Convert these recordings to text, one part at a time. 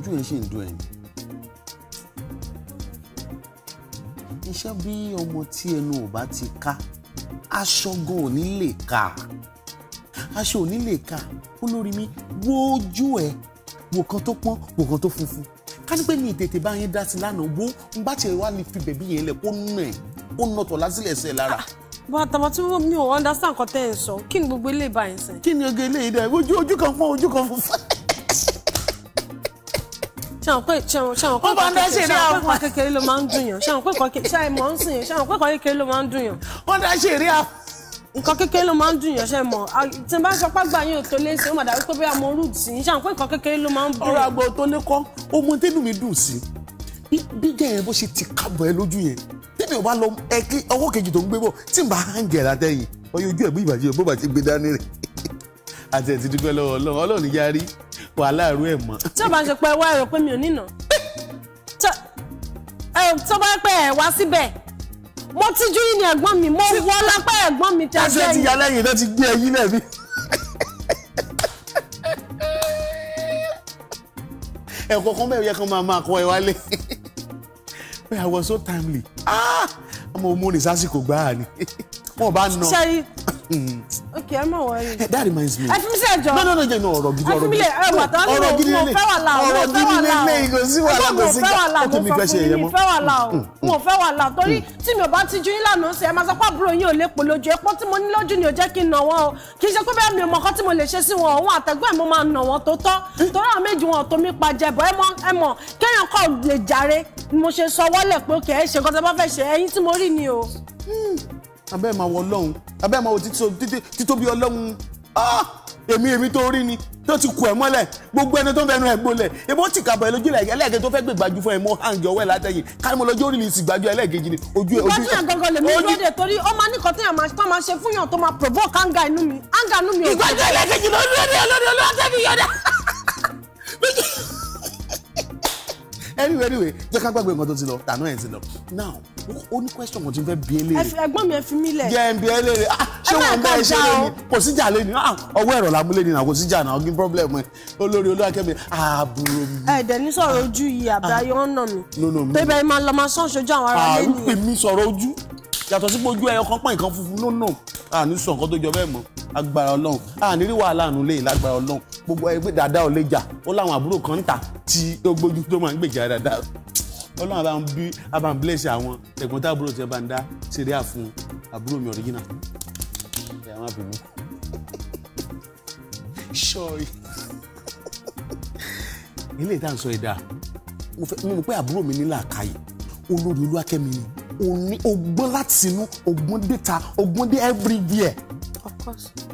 ojú yẹn ṣì ń dùn ẹ̀ iṣẹ́ bí ọmọ tí ẹnu ò bá ti ká aṣọ gan ò ní lè ká aṣọ ò lè ká olórí mi wo ojú ẹ wò kan tó pọ́n wò kan tó funfun ká ní pé mi ìtètè bá yẹn dá sí lánàá wo n bá tiẹ̀ wá lè fi bẹ̀bí yẹn lẹ̀ kó nà ẹ̀ ó nà tọ̀ lásìlẹ̀ ẹsẹ̀ lára. Ah, bàtàbà tí mo mi ò understand nǹkan tẹ́ ẹ sọ kí ni gbogbo eléyìí bá yẹn sẹ́. kí ni oge eléyìí dẹ ojú ojú kan pọ́n ojú kan funfun ṣàwọn pé ṣàwọn pé nǹkan kékeré ló máa ń dùn yàn ṣàwọn pé nǹkan kékeré ṣàwọn mọ̀ ń sìn ló máa ń dùn yàn. wọ́n dá ṣe eré a. nǹkan kékeré ló máa ń dùn yàn ṣe mọ̀ tí n bá sọ pé àgbà yín ò tó lé sí i ó mà dàbí pé bí àmọ́ rúùtù sí i ṣàwọn pé nǹkan kékeré ló máa ń dùn. ọ̀rọ̀ àgbà tó lé kọ́ tẹ́nu mi dùn sí bí gẹ̀yẹ́ bó ṣe ti kábọ̀ ẹ lójú yẹn tẹ́mi ò bá lọ ẹ pọ̀ aláàrú ẹ̀ mọ́. tí o bá ń ṣe pé ẹ wá ẹ̀rọ pé mi ò nínà tó bá pẹ́ ẹ̀ wá síbẹ̀ mo tijú yìí ni ẹ̀gbọ́n mi mo wọ́ lápá ẹ̀gbọ́n mi tẹ́ ẹ̀jẹ̀ yìí. ẹsẹ̀ ti yálẹ̀ yìí náà ti gbé ẹyin náà bí. ẹ̀kọ́ kan bẹ́ẹ̀ yẹ kán máa máa kọ́ ẹ wálé pé I was so timely ah! ọmọ òmùrìn sásìkò gbáà ni wọn bá nà ok ẹ mọ̀ wọ́n yìí. that reminds me. ẹ fi mi sí ẹjọ́. no no no no ọ̀rọ̀ gidi ọ̀rọ̀ gidi ọ̀rọ̀ gidi lele ọ̀rọ̀ gidi lele ìgò sí wàhálà kò sí ká ó tèmi fẹ́ ṣe ẹ̀yẹ mọ́. Mm, mm, mo mm. fẹ́ wàhálà o mo fẹ́ wàhálà o torí tí mi ò bá ti ju yín lánàá sí ẹ máa sọ pé àbúrò yín ò lè pò lójú epo tí mo ní lójú ni ò jẹ́ kí n nà wọ́n o kì í ṣe pé bẹ́ẹ̀ mi ò mọ ọkọ tí mo lè ṣe sí wọn òun àtẹ̀gbọ́n mo máa nà wọ́n tó tọ́ torí àwọn méjì wọn ò tó mi pa jẹ̀bọ̀ ẹ mọ ẹ mọ kéèyàn kọ́ lè jàre mo ṣe sọ wọ́lẹ̀ pé ó kẹ́ ẹ ṣe nǹkan tí wọ́n bá abẹ́ẹ̀ máa wọ ọlọ́run abẹ́ẹ̀ máa wọ títóbi ọlọ́run ah! èmi èmi tó rí ni tó ti kù ẹ mọ́lẹ̀ gbogbo ẹni tó ń fẹnu ẹ gbolẹ̀ ebó ti kàbọ̀ ẹ lójú ẹlẹ́gẹ̀ tó fẹ́ gbé gbàjú fún ẹ mọ́ hàn jọ̀wọ́ ẹ látẹ̀yìn kárímọ́ lọ́jọ́ orí lìsì gbàjú ẹlẹ́gẹ̀jì ni ojú ẹ ojú ẹ. ìgbà tí lèmi ló dé torí ó máa ní kan tí yàn máa ṣe fún yàn tó máa provoke anger anyway anyway jẹ́ ká gbàgbé nǹkan tó ti lọ tànú ẹ̀ ti lọ now ó ní question kan tí n fẹ́ bí eléyìí. ẹ̀gbọ́n mi ẹ fi mí lẹ̀. jẹ́ ń bí eléyìí ah ṣé wọn bá ẹ ṣe lé ní kò síjà lé ní ah ọwọ́ ẹ̀rọ la mú lé ní náà kò síjà náà ọgbìn problem ẹ olórí olúwakẹ́mi àbúrò mi. ẹ dẹ̀ ní sọ̀rọ̀ ojú yìí àbúrò ah. ayé wọn nà mí. tẹ́bẹ̀ máa lọ máa sọ́ọ̀ṣojú àwọn ará ah, lé yàtọ̀ sí gbójú ẹyọ kan pọ́n nǹkan funfun lónà àní sọ nǹkan tó jọ bẹ́ẹ̀ mọ́ agbára ọlọ́run àní rí wàhálà àánú lè lágbára ọlọ́run gbogbo ẹgbẹ́ dáadáa ò lè jà ó láwọn àbúrò kan ń tà tí ó gbójú tó máa ń gbèjà dáadáa ọlọ́run àbá ń bí àbá ń bless àwọn ẹ̀gbọ́n táàbúrò tí ẹ bá ń dá ṣeré àfún àbúrò mi original ilé ìta ń sọ ẹ̀dá mo mọ̀ pé àbúrò mi ní làákàyè olórí olúwakẹ́mi ni òní ọgbọ́n láti inú ọgbọ́n déta ọgbọ́n dé everywhere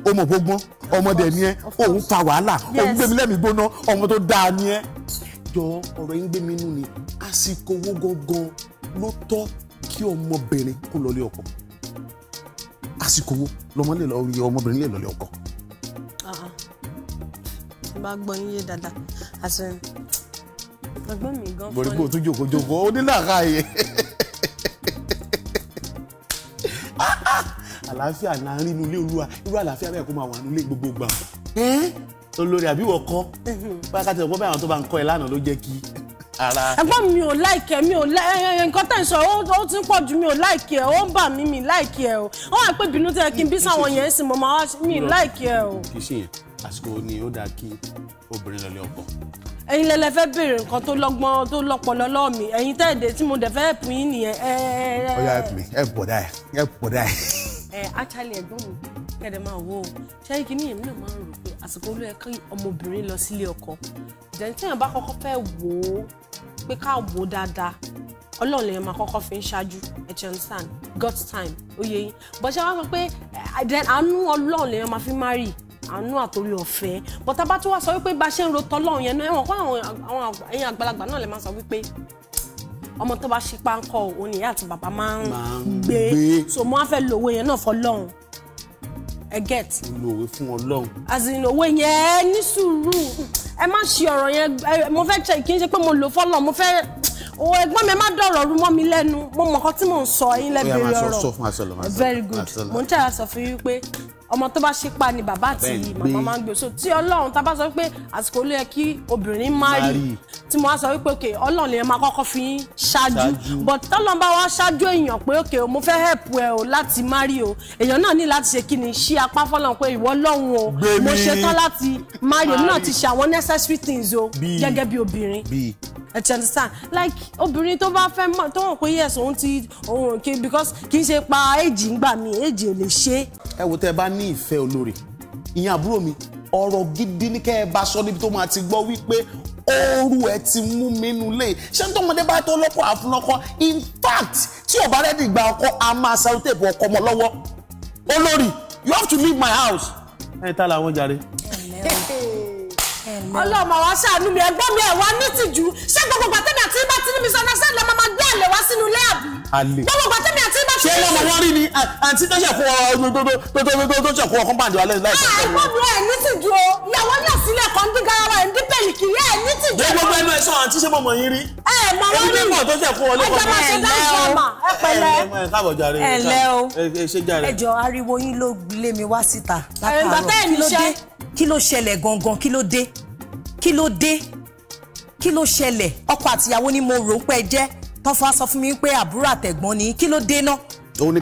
ọmọ gbogbo ọmọdé ni ẹ òun fa wàhálà òun gbẹmí lẹ́mìí gbóná ọmọ tó dáa ni ẹ. jọ ọ̀rọ̀ yín gbẹmí inú ni àsìkò owó gangan ló tọ́ kí ọmọbìnrin kó lọlé ọkọ àsìkò owó ọmọbìnrin lè lọlé ọkọ. Uh-uh. ẹ bá gbọ́ yín yé dáadáa àti ẹgbẹ́ mi gan fọ́ni. bọ̀dé bò tún jókòó jókòó ó ní làákàyè. àlàáfíà là ń rí inú ilé olúwa irú àlàáfíà bẹ́ẹ̀ kó máa wà nílé gbogbo gbà. olórí àbí wọ́n kọ́ bá a ká ti rọ̀ pé báyìí àwọn tó bá ń kọ́ ẹ lánàá ló jẹ́ kí ara. ẹ̀gbọ́n mi ò láìkẹ́ mi ò láìkẹ́ nǹkan tẹ̀ ń sọ ó ti ń pọ̀ jù mi ò láìkẹ́ ó ń bà mí mi láìkẹ́ o ó wà pé bínú tẹ kí n bí sáwọn yẹn sì mo máa wá mi láìkẹ́ o. kì í ṣe yẹn àsìkò ni ó dáa kí obìnrin lọlé ọkọ ẹ̀yin lẹlẹ fẹ́ béèrè nǹkan tó lọ́gbọ́n tó lọ́pọlọ lọọ mi ẹ̀yin tẹẹdẹ tí mo dẹ fẹ́ ẹpù yín nìyẹn. ọyọ ẹpù mi ẹpù bọdá ẹ ẹpù bọdá ẹ ẹ actually ẹ̀gbọ́n mi kẹdẹ máa wo ṣẹyìn kìíní èmi náà máa ń rò pé àsìkò olú ẹkọ ọmọbìnrin lọ sílé ọkọ jẹnitẹyàn bá kọ́kọ́ fẹ́ wò ó pé ká wò ó dáadáa Ọlọ́run lèèyàn máa kọ́kọ́ fi ń ṣáájú ẹ̀jẹ̀ ń sàn God's time ó yẹ yín bọ́sẹ̀ wá sọ pé àánú Ọlọ́run lèèyàn máa fi marry àánú àtòrí ọ̀fẹ́ bọ́tà bá tún wá sọ wípé bá ṣe ń ro tọ́lọ́run yẹn náà ẹ̀wọ̀n kọ́ àwọn àgbàlagbà náà lè máa sọ wípé ọmọ tó bá ṣe páńkọ òun nìyá àti bàbá máa ń gbé so mo á fẹ́ lo owó yẹn náà fọlọ́run ẹ get. lo òwe fún ọlọ́run. as òwe yẹn ní sùúrù ẹ má ṣe ọ̀rọ̀ yẹn mo fẹ́ kí n ṣe pé mo lò fọlọ́ mo fẹ́ o ẹ̀gbọ́n mi má dọ̀rọ̀ rú mọ́ mi lẹ́nu mo mọ nǹkan tí mò ń sọ yín lẹbẹrẹ ọ̀rọ̀ very good mo ń tẹ̀ra sọ fún yín pé ọmọ tó bá ṣe pa ni bàbá àti màmá máa ń gbé so tí ọlọ́run tá a bá sọ pé àsìkò ló yẹ kí obìnrin máa rí tí mo wá sọ wípé òkè ọlọ́run lè máa kọ́kọ́ fi ṣáájú but tọ́lọ́n bá wá ṣáájú èèyàn pé òkè mo fẹ́ help ẹ o láti má rí o èèyàn náà ní láti ṣe kí ni ṣí apá fọlọ́run pé ìwọ ọlọ́run o mo ṣetán láti má rí o náà ti ṣe àwọn necessary things o gẹ́gẹ́ bí obìnrin ẹ̀tì understand like obìnrin tó bá fẹ́ mọ̀ tó hàn pé yes òun ti òun kì í because kì í ṣe pa èjì ńgbà mi èjì ò lè ṣe. ẹ wo tẹ bá ní ìfẹ́ olóore ìyẹn àbúrò mi ọ̀rọ̀ gidi ní kẹ́ ẹ bá sọ níbi tó máa ti gbọ́ wípé ooru ẹ ti mú mi nù lé ṣé ń tọ́mọdé bá tó lọ́kọ̀ àfúnlọ́kọ́ in fact tí ò bá rẹ́dì gba ọkọ a máa sẹ́rù tèèpù ọkọ mọ́ lọ́wọ́ olórí you have to leave my house. ẹ ta làwọn jàre ọlọ́mọ wa ṣàánú mi ẹ̀gbọ́n mi ẹ̀ wá nítìjú ṣé gbogbo gbàtẹ́mi àti ibà tí níbi sọ́nà sẹ́ni lọ́mọ máa gbé àlè wá sínú ilé àbí. àlè gbogbo gbàtẹ́mi àti ibà tí. ṣé lọ́mọ wọn rí ni àǹtí tó ṣẹ̀fọ́ ọ tó ṣẹ̀fọ́ ọkàn bàjẹ́ alẹ́ láì ah, sọ́kọ́. ẹ̀gbọ́n mi ẹ̀ nítìjú o ìyàwó náà sílẹ̀ kan dín garawa ẹ̀ ń dín pẹ̀lì kiri ẹ̀ nítìjú. ẹ gbogbo ẹnu ẹ sọ àǹtí ṣé mo mọ̀ yín rí. ẹ mọ̀ wọ́n rí ẹgbẹ́ tó ṣẹ̀fọ́ ọlọ́kọ̀ ẹ̀ ẹ̀ ẹ̀ káàbọ̀ jàre kí ló ṣẹlẹ̀ gangan kí ló dé kí ló dé kí ló ṣẹlẹ̀ ọkọ àtìyàwó ni mo rò pé jẹ́ tán fún wa sọ fún mi pé àbúrò àtẹ̀gbọ́n ni kí ló dé náà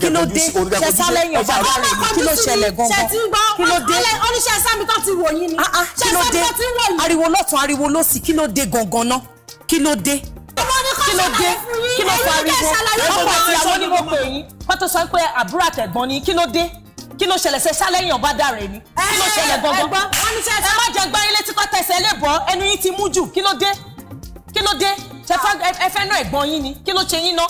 kí ló dé ṣe sálẹ̀yìn ọ̀fà rẹ̀ kí ló ṣẹlẹ̀ gangan kí ló dé oníṣẹ́ sámi tó ti wò yín ni kí ló dé ariwo lọ́tún ariwo lọ́sì kí ló dé gangan náà kí ló dé kí ló dé kí ló pariwo ọkọ àtìyàwó ni mo pè yín kó tó sọ pé àbúrò àtẹ̀gbọ́n ni kí ló dé kí ló ṣẹlẹ̀ ṣe ṣálẹ́yìn ọba dàrẹ ni kí ló ṣẹlẹ̀ gbọ́ngàn ẹ má jẹ gba ilé tí kò tẹsẹ̀ lè bọ́ ẹnu yín ti mú jù kí ló dé kí ló dé ẹ fẹ́ ná ẹ̀gbọ́n yín ni kí ló ṣe yín ná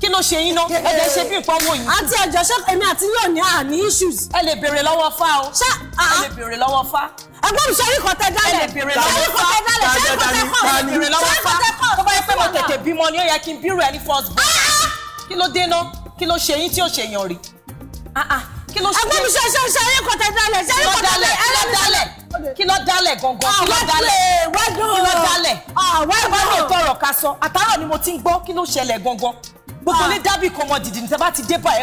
kí ló ṣe yín ná ẹ jẹ́ ṣe bí nǹkan wọ̀nyí. àti ẹ̀jọ̀ ṣé èmi àti yóò ní àní issues. ẹ lè béèrè lọ́wọ́ fá o ẹ lè béèrè lọ́wọ́ fá. ẹ̀gbọ́n mi ṣe orí kan tẹ dálẹ̀ ṣe orí kan tẹ dálẹ̀ ṣe orí kan tẹ kọ́ ṣe orí kan tẹ kọ́. tó bá yẹ pé mo tètè bímọ ni ó yẹ kí n bírò ẹ ní first born. kí ló dé ná kí ló ṣe yín tí ò ṣèyàn rí kí ló ṣe. ẹgbẹ́ mi ṣe ṣe ṣe ayé kọ̀tẹ́ dalẹ̀ ṣe ayé kọ̀tẹ́ dalẹ̀ ayé dalẹ̀ kí ló dalẹ̀ gangan kí ló ah, dalẹ̀ eh, kí ló dalẹ̀ àwọn ẹ̀rọ tọrọ ká sọ àtàrọ̀ ni mo ti ń gbọ́ kí ló ṣẹlẹ̀ gangan gbogbo ní ah. dábì kan mọ dìdì níta bá ti dé báyìí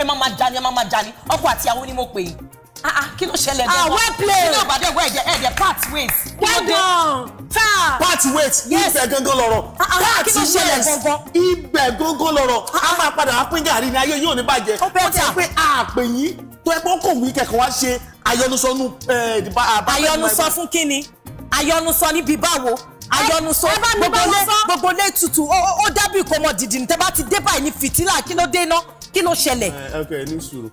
ẹ má máa jani ẹ má máa jani ọkọ àti àwọn ni mo pè é ah, kí ló ṣẹlẹ̀ gangan kí ló bàdé ẹ̀gbọ́n ẹ̀jẹ̀ ẹ̀jẹ̀ part ways kí ló dé cat wait ibẹ̀ gangan lọ̀rọ̀ cat ah, ah, wait ibẹ̀ gangan lọ̀rọ̀ ah, a máa padà wá pín gàrí ní ayé yóò ní bàjẹ́ ó ti sọ pé àpè yín tó ẹ pọ́n kò wí kẹ̀kọ́ wá ṣe ayọnusọnu ayọnusọ fún kínni ayọnusọ níbi báwo ayọnusọ gbogbo lé tutù ó dábì kọmọ dìdì ní tẹ bá ti dé báyìí ní fìtílà kí ló dé ná kí ló ṣẹlẹ̀. ẹ ẹ ní sùúrù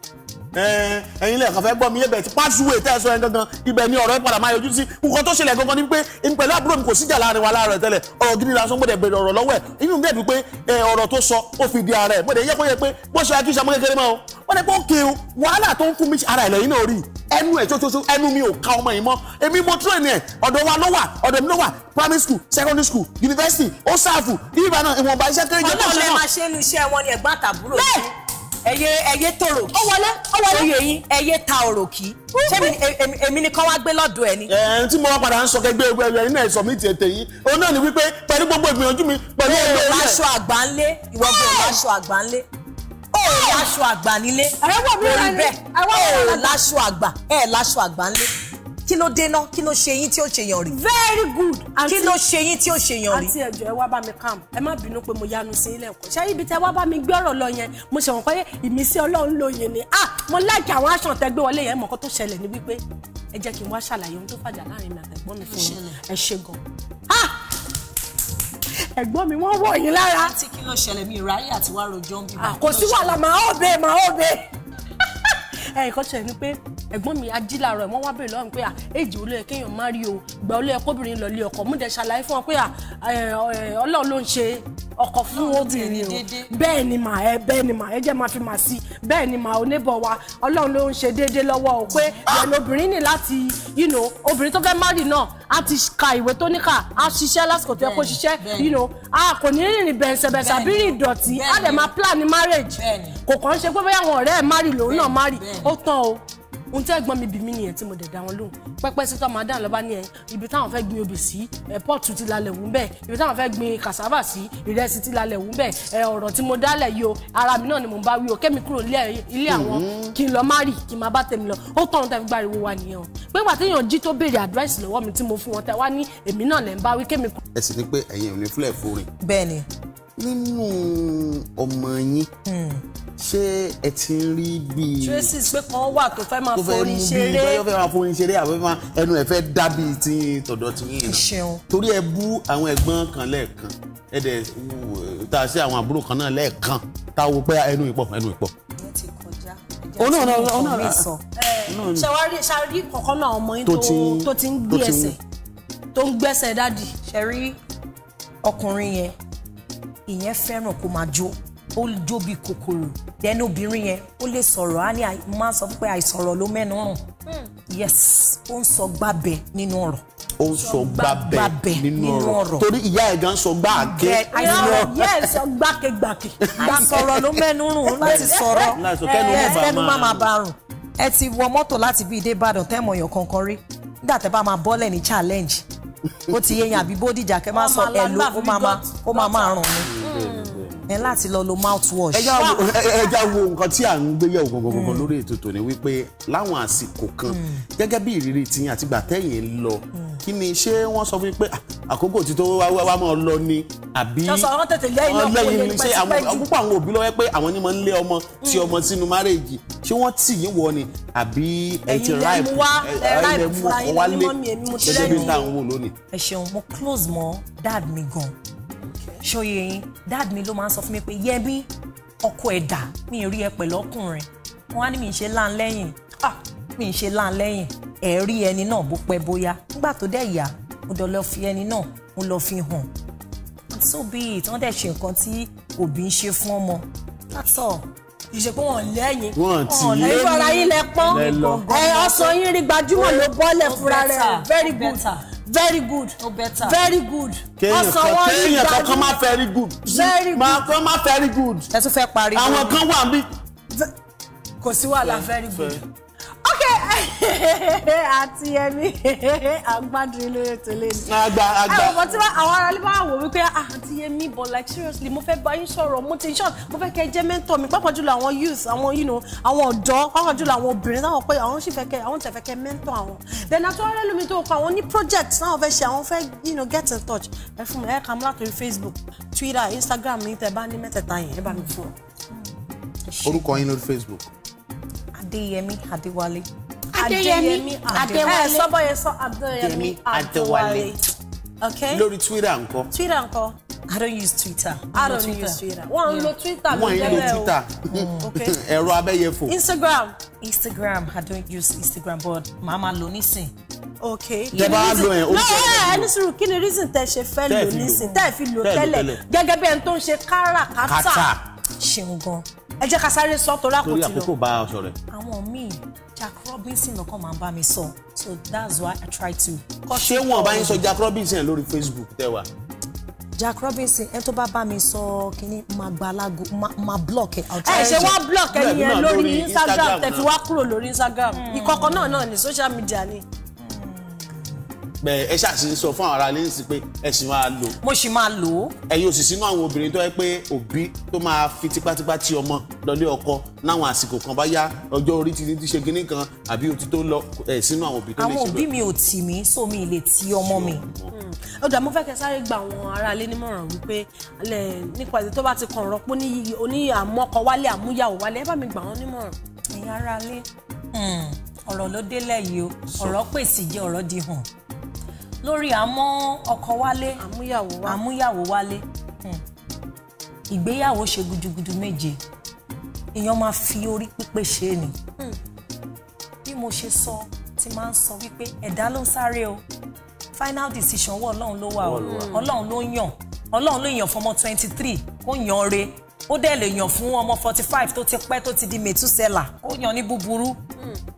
Eh, ẹ̀yin lẹ́ẹ̀kan fẹ́ gbọ́ mi ibẹ̀ ti pathway tẹ́ ẹ sọ yẹn gangan ibẹ̀ ni ọ̀rọ̀ ẹ padà máa yọjú sí nǹkan tó ṣẹlẹ̀ gangan ni pé èmi pẹ̀lú àbúrò mi kò síjà láàrin wa láàárọ̀ tẹ́lẹ̀ ọ̀rọ̀ gidi la sọ mo dẹ̀ bèrè ọ̀rọ̀ lọ́wọ́ ẹ̀ inú mi dẹ̀bi pé ọ̀rọ̀ tó sọ ó fi di ara ẹ̀ mo dẹ̀ yẹ kó yẹ pé bó ṣe akíṣe amọ́ kékeré máa o wọ́n dẹ̀ pé ó kéwù wàhálà tó ń fún mi ara ẹ̀ lẹ́yìn náà rí ẹnu ẹ̀ tótótó ẹnu mi ò ka ọmọ yìí mọ́ èmi mo train ẹ̀ ọ̀dọ̀ wa ló wà ọ̀dọ̀ mi ló wà primary school secondary school university ó sáàfù ìbànú ìwọ̀nba iṣẹ́ kéré jẹ́ kó ṣe náà. ọlọ́ọ̀lẹ́ máa ṣe é nu iṣẹ́ wọn ni ẹ̀gbọ́n àtàbúrò. bẹ́ẹ̀ ẹyẹ ẹyẹ tòrò kí. ó wọlé ó wọlé. oyè yín ẹyẹ ta òrò kí. ṣé e, e, èmi ni kán wá gbé lọ́dọ̀ ẹ ni. ẹ tí mo wá padà ń sọ kẹgbẹ́ ẹgbẹ́ ẹgbẹ́ yín náà ẹ̀sọ́ mi tiẹ̀ tẹ̀yìn òun náà ni wípé pẹ̀lú gbogbo ìgbìyànjú mi pẹ̀lú ẹgbẹ́ orí ẹ̀. aṣọ àgbà ńlé ìwọ bí o láṣọ àgbà ńlé o ò láṣọ àgbà nílé orí bẹ́ẹ̀ o ò láṣọ àgbà ẹ̀ láṣọ àgbà ńlé kí ló dé náà kí ló ṣe yín tí ó ṣe yàn rí. very good àǹtí kí ló ṣe yín tí ó ṣe yàn rí. àǹtí ẹjọ ẹ wá bá mi calm ẹ má bínú pé mo yanu sí ilé ẹ̀kọ́ ṣé ibi tẹ wá bá mi gbé ọ̀rọ̀ lọ yẹn mo ṣe wọn pé ìmísí Ọlọ́run ló yẹn ni ah mo láìkí àwọn aṣọ àtẹgbẹ wọlé yẹn mọ̀kọ́ tó ṣẹlẹ̀ ní wípé ẹ jẹ́ kí n wá ṣàlàyé ohun tó fàjà láàrin mi àtẹ̀gbọ́n mi fún yín ẹ ṣe gan ah ẹ̀gbọ́n mi wọ́n wọ̀ yín lára. àti kí ló ṣẹlẹ̀ mi ìráyè àti wá ẹ̀gbọ́n mi ajílàrọ̀ wọ́n wá bèrè lọ́wọ́ mi pé èjì olú yẹ kéèyàn má rí o gbà olú yẹ kóbìnrin lọ lé ọkọ múdẹ ṣàlàyé fún wọn pé ọlọ́run ló ń ṣe ọkọ fún obìnrin o bẹ́ẹ̀ ni mà ẹ bẹ́ẹ̀ ni mà ẹ jẹ́ máa fi mà sí bẹ́ẹ̀ ni mà oníbọ̀ wa ọlọ́run ló ń ṣe déédéé lọ́wọ́ o pé ẹ̀ẹ́n obìnrin ní láti you know obìnrin tó fẹ́ má rí náà á ti ka ìwé tó níkà á ṣiṣẹ́ lásìkò tó yẹ kó ṣiṣẹ́ you know a kò ní rìnrìn bẹ̀nsẹ̀bẹ̀sẹ̀ àbí rìn ìdọ̀tí á dẹ̀ máa plan marriage kò kàn ṣe pé bóyá àwọn ọ̀rẹ́ ẹ̀ má rí lòun náà má rí ó tán o ohun tí ẹ̀gbọ́n mi bì mí nìyẹn tí mo dẹ̀ dá wọn lóhùn pẹ́pẹ́ sí tọ́mọ adán lọ́ba ní ẹ ibi táwọn fẹ́ gbin obì sí ẹ pọ́ọ̀tù ti lalẹ̀ wù bẹ́ẹ̀ ibi táwọn fẹ́ gbin cassava sí ìrẹsì ti lalẹ̀ wù bẹ́ẹ̀ ẹ ọ̀rọ̀ tí mo dálẹ̀ yìí o ara mi náà ni mo bá wí o kẹ́mi kúrò ilé àwọn mm-hmm. kí n lọ má rì kí n má bá tẹ̀mí lọ ó tọ̀run tẹ̀ fi gbàriwo wa nìyẹn o pé wà téèyàn jí tó béèrè advice lọ́wọ́ mi tí mo fún wọn tẹ wá ní èmi náà lẹ́ ń bá wí kẹ́mi. ẹ sì ní pé ẹ̀yin ò nínú ọmọ yín hmm. ṣé ẹ ti ń rí bíi. traces pé kan wà tó fẹ́ máa forí ṣeré tó fẹ́ máa forí ṣeré àbẹ́ máa ẹnu ẹ̀ fẹ́ dàbí ti tọ̀dọ̀ ti yín náà torí ẹ bú àwọn ẹ̀gbọ́n kan lẹ́ẹ̀kan ẹ dẹ̀ tá a àwọn àbúrò kan náà lẹ́ẹ̀kan tá a wo pé ẹnu ìpọ̀ ẹnu ìpọ̀ òun náà òun náà sọ. ṣàwárí ṣàrí kọ̀ọ̀kan náà ọmọ yín tó ti ń gbé ẹsẹ̀ tó ń gbẹ́sẹ̀ dádì ṣẹ̀rí ọkùnrin yẹn ìyẹn fẹ́ràn kó máa jó ó jó bí kòkòrò dẹ́nu obìnrin yẹn ó lè sọ̀rọ̀ á ní máa sọ pé àìsọ̀rọ̀ ló mẹ́nu rùn hmm. yes ó ń sọ gbàbẹ nínú ọ̀rọ̀ ó ń sọ gbàbẹ nínú ọ̀rọ̀ torí ìyá ẹ̀ gan sọ gbàgé nínú ọ̀rọ̀ ìyá ẹ̀ sọ gbàkegbàke àìsọ̀rọ̀ ló mẹ́nu rùn láti sọ̀rọ̀ ẹ̀ fẹ́nu má máa bá rùn ẹ ti wọ mọ́tò láti bí ìdè Ìbàdàn tẹ́mọ̀yàn kankan rí nígbà tẹ́ bá máa bọ́lẹ̀ ní challenge ó ti yé yín àbí bódìjà kẹ́ máa sọ ẹ̀lò ó máa máa rùn ni. Hmm ẹ láti lọ lo mouthwash. ẹ já wo nǹkan tí à ń gbé yẹ̀wò gọ̀gọ̀gọ̀ lórí ètò tòní wípé láwọn àsìkò kan hmm. gẹ́gẹ́ bí ìrírí tiyín àti gbà tẹ́yìn ń lọ hmm. kí ni ṣé wọ́n sọ fún mi pé ah, àkókò tí tó máa lọ ni àbí wọ́n lẹ́yìn ní ṣé púpọ̀ àwọn òbí lọ́wọ́ pé àwọn ni mo ń lé ọmọ tí hmm. ọmọ sínú márèèjì ṣé wọ́n tì yín wọ ni àbí ẹ ráìpù ẹ ráìpù fún wa bí n ta ń wò lónìí. ẹ mo close mọ dad mi gan-an ṣòye yín dad mi ló máa ń sọ fún mi pé yẹbi ọkọ ẹ̀dà mi ì rí ẹ pẹ̀lú ọkùnrin wọn á ní mi ì ṣe láǹ lẹ́yìn ah mi ì ṣe láǹ lẹ́yìn ẹ̀ rí ẹni náà bó pẹ́ bóyá nígbà tó dẹ̀ yá mo dọ̀ lọ fi ẹni náà mo lọ fi hàn so be it wọ́n dẹ̀ ṣe nǹkan tí òbí ń ṣe fún ọmọ that's all ìṣe pé wọn lẹ́yìn wọn ti lẹ́yìn ìfọ̀rọ̀ ayé lẹ pọ́n ẹ ọsàn yín rí gbajúmọ̀ ló bọ́lẹ̀ fúnra rẹ̀ very good. Better very good No better. very good ọsànwó ní ìgbàlú kéèyàn kankan má very good very good máa kọ́ má very good ẹ tún fẹ́ parí. àwọn kan wà bí. kò sí wàhálà very good. àti ẹ̀mí àgbàdo ilé ètò ilé ni. àgbà àgbà àwọn tí àwọn ará lè máa wò wípé ah, àti ẹ̀mí but like seriously mo fẹ́ bá yín sọ̀rọ̀ motivation mo fẹ́ kẹ́ jẹ́ mẹ́ńtọ̀ mi pàápàá jùlọ àwọn youths àwọn you know àwọn ọ̀dọ́ pàápàá jùlọ àwọn obìnrin táwọn pé àwọn sì fẹ́ kẹ́ àwọn tẹ̀ fẹ́ kẹ́ mẹ́ńtọ̀ àwọn. then àti ọ̀rẹ́ lómi tó kọ àwọn ní project náà fẹ́ ṣe àwọn fẹ́ you know get in touch ẹ fún mi ẹ kà mú látòrí Facebook Twitter Instagram ní tẹ bá ní mẹ́tẹ̀ẹ̀ta yẹn ẹ bá mi fún ọ. orúkọ yín lórí Facebook. Adéyẹmí Adéwálé. Adéyẹmí Adéwálé. Ẹ sọ bọ́ yẹn sọ Adéyẹmí Adéwálé. Okay. Lórí Twitter ńkọ́. Twitter ńkọ́. I don't use Twitter. I, don't use Twitter. Wọ́n lo Twitter Wọ́n ń lo Twitter. Mm, Ẹ̀rọ abẹ́yẹfò. Instagram. Instagram. I don't use Instagram but màá máa lò nísìn. Okay. Tẹ bá lo ẹ̀ o. No ẹ ẹni sùúrù kí ni reason tẹ ṣe fẹ́ lò nísìn tẹ́ fi lò tẹ́lẹ̀ gẹ́gẹ́ bí ẹni tó ń ṣe káràkátà. Kátà. Ṣeun gan ẹ jẹ́ ká sáré sọ torí àkótí lọ torí àkókò bá aṣọ rẹ̀. àwọn míì Jack Robinson lọ́kàn máa ń bá mi sọ so that's why I try to. ṣé wọn bá yín sọ Jack Robinson lórí Facebook tẹwàá. Jack Robinson ẹ tó bá bá mi sọ kínní máa gba máa block ẹ. ẹ ṣe wá block ẹni yẹn lórí Instagram tẹ fi wá kúrò lórí Instagram hmm. ìkọ̀kọ̀ náà náà ní social media ni ẹ ṣáàṣì sọ fún àwọn ará ilé nísìsiyìí pé ẹ sì máa lò. mo sì máa lò ó. ẹ̀yin ò sì sínú àwọn obìnrin tó yẹ pé òbí tó máa fi tipátipá tí ọmọ lọlé ọkọ láwọn àsìkò kan bá yá ọjọ́ orí ti ti ṣe gíní kan àbí o ti tó lọ sínú àwọn òbí tó lè ṣe lọ. àwọn òbí mi ò tì mí so mi lè ti ọmọ mi. ọjà hmm. mo fẹ́ kẹ́ sáré gba àwọn ará nímọ̀ràn wípé nípa ètò tó bá ti kàn rọ́pò ní oní àmọ́kọ wálé hmm. ọ̀rọ̀ ló délẹ̀ yìí o ọ̀rọ̀ pèsè jẹ́ ọ̀rọ̀ di hàn lórí àmú ọkọ wálé àmúyàwó wálé hmm. ìgbéyàwó ṣe gudugudu méje èèyàn máa fi orí pípé ṣe é ni hmm. bí mo ṣe sọ ti máa ń sọ wípé ẹ̀dá ló ń sáré o final decision wọ ọlọ́run ló wà o ọlọ́run ló yàn ọlọ́run ló yàn fún ọmọ twenty three kó yàn re ó dẹ̀ lè yàn fún ọmọ forty five tó ti pẹ́ tó ti di mètúsẹ́là ó yàn ní búburú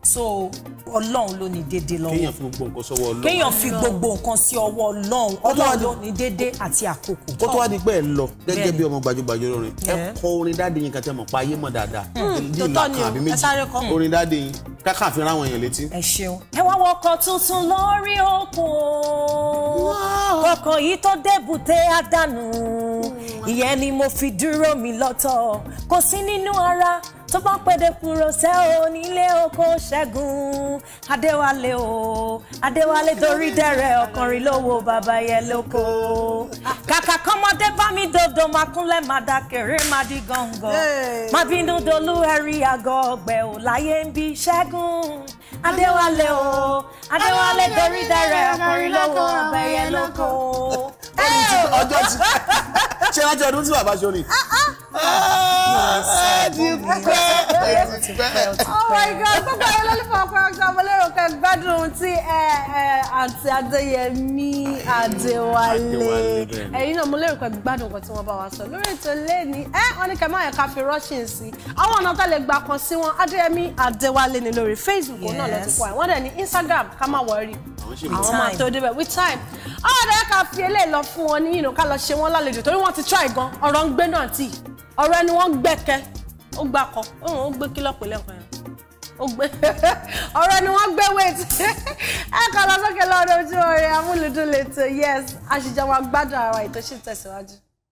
so ọlọ́run ló ní déédéé lọ́wọ́ kéèyàn fi gbogbo nǹkan sọ́wọ́ ọlọ́run kéèyàn fi gbogbo nǹkan sí ọwọ́ ọlọ́run ọlọ́run ló ní déédéé àti àkókò. kó tó wá di pé ẹ lọ gẹ́gẹ́ bí ọmọ gbajúgbajù lórin ẹ kọ orin dáadé yín kan tẹ́ mọ̀ pa ayé mọ̀ dáadáa hmm, díì làkàn àbí méjì orin dáadé yín káká fi ráwọn èèyàn létí. ẹ ṣeun. ẹ wá wọkọ̀ tuntun lórí òkun ọkọ̀ yìí tó débùté àdánù ìyẹn ni mo fi dúró mi lọ́tọ̀ kò sí nínú ara tó bá pèdè kúrò sẹ́ o nílé oko ṣẹ́gun adéwálé o adéwálé dorí dẹ̀rẹ̀ ọkùnrin lówó bàbá yẹn lóko kàkà kọ́mọdé bá mi dòdò máa kúnlẹ̀ máa da kéré máa di gàngàn máa bínú dolú ẹ̀rí àgọ́ ọgbẹ́ ò láyé ń bí ṣẹ́gun. Adewale o Adéwálé dorí dẹrẹ ọkùnrin lọ́wọ́ abẹyẹ lóko. ọjọ́ ti ṣé rántí ọdún tí bàbá ṣe orin. Ah, ah. ah, oh my God! Gbogbo ayé lólùfọ̀ ọ̀pọ̀lọpọ̀ ọmọlérò kẹ́ gbádùn tí àǹtí Adéyẹmí Adéwálé. Ẹ̀yin náà mo lérò kẹ́ gbádùn nǹkan tí wọ́n bá wa sọ lórí ètò lẹ́ni. Ẹ wọ́n ní kẹ́mọ́ ẹ̀ka fi rọ́ṣìn sí. Àwọn ọ̀nà tá lè gbà kan sí wọn Adéyẹmí Adéwálé ni lórí Facebook náà lọ ti kọ ẹ̀ wọ́n dẹ̀ ní Instagram ká má wọrí àwọn máa tó débẹ̀ with time àwọn ọ̀dọ́ ká fi eléyìí lọ fún wọn ní yìnyín ká lọ ṣe wọ́n lálejò torí wọ́n ti try gan ọ̀rọ̀ ń gbé náà tì ọ̀rọ̀ ẹni wọ́n gbẹ̀kẹ́ ó gbà kọ́ ó gbé kílọ̀ pẹ̀lẹ́ kan yẹn ó gbé ọ̀rọ̀ ni wọ́n gbé wait ẹ kàn lọ sókè lọ́dọ̀ ojú ọ̀rẹ́ amúlùdún lè tó yes àṣìjọba gbádùn ara ètò ṣì tẹ̀síwájú.